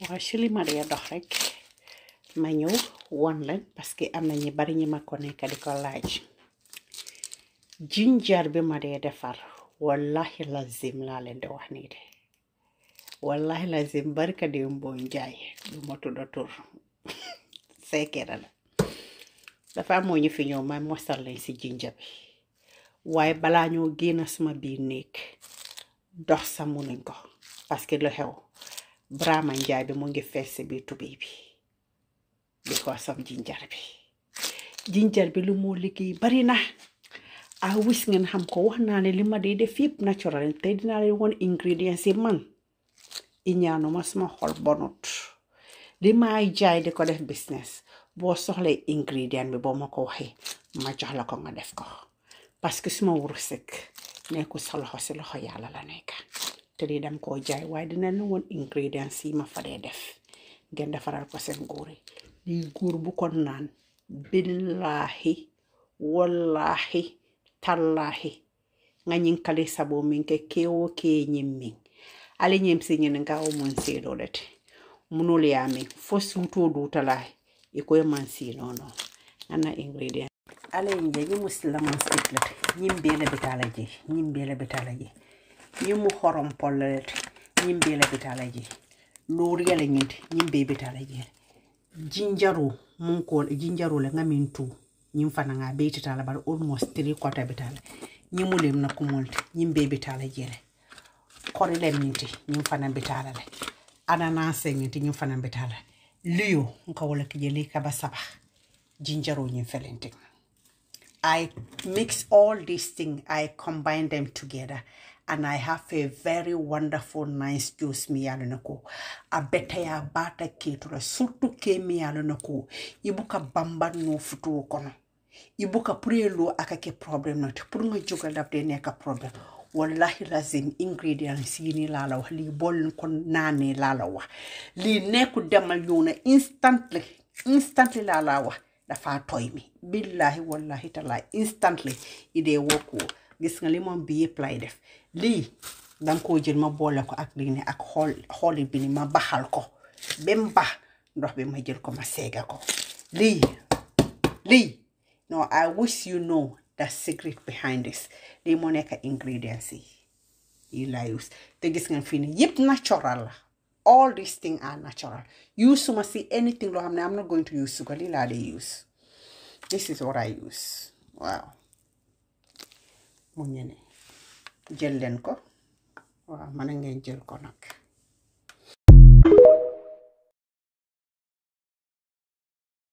waaw Souleymane ya dox rek ma ñëw won leen parce que am na ñi bari ñi ma ko nekk di ko laaj jinjar bi ma dee defar wallahi lazim laa leen di wax nii de wallahi lazim barka de mbooy njaay du ma tudd tur seekeera la dafa amoo ñu fi ñëw ma mosal leen si jinja bi waaye balaa ñoo génn sama biir néeg dox sa munuñ ko parce que lu xew Brahma Njaay bi mu ngi fessé bi tubé bi because of jinjar bi jinjar bi lu mo liggéey bari na a wiss ngeen xam ko wax na né lima ma def yépp natural té dina lay won ingredients yi man ma sama xol bonut Lima may jaay di ko def business bo soxlé ingredient bi bo mako waxé ma jox la ko nga def ko parce que suma wursek loxo yàlla la teleɗam ko jay waydanan non won ingrédient sima faɗe def gen defaral ko sen guure ɗi guur bu kon naan billahi wallahi tallahi gañin kali sabo min ke kewo keñin min ala ñem siñin ngawo mun seeɗoɗete munol yamin fo suuto duutalahi e koye man sino noon ana ingrédient ala ñe ñi musilla man siplete ñim beele bitala je ñim beele bitala je ñiŋ ñimmu horom pollet ñimbe la bitala je loriya la ñinti ñimbe bitala je jinjaru mun ko jinjaru la ngamin tu ñim fana nga beetitala bar almost three quarter bitala ñimu lem na kumolti ñimbe bitala je le kori la ñinti ñim fana bitala le ananase ñinti ñim fana bitala liyo nka wala kijeli kaba saba jinjaro ñim felentik I mix all these things, I combine them together and I have a very wonderful, nice juice mi ko A beta ya bata kitura, surtu ke mi yalonoko. Ibuka bamba no futu kono. Ibuka purelo akake problem not. Purunga juga labde neka problem. wallahi lazim ingredients yini lalawa li bol ko nane lalawa li neku demal yona instantly instantly lalawa dafa tooy mi billahi wallahi taala instantly i dee wokku gis nga limon bi yëpp lay def lii danga koo jël ma boole ko ak lii ne ak xool xooli bi ni ma baxal ko ba mu ndox bi ma jël ko ma seega ko lii lii no I wish you know the secret behind this lii moo nekk ingredients yi lii laa te gis nga fii ne yëpp natural la all these things are natural. You must see anything lo hamne. I'm not going to use sugalila they use. This is what I use. Wow. Munyene. Jel len ko. Waaw mën ngeen jël konak. nag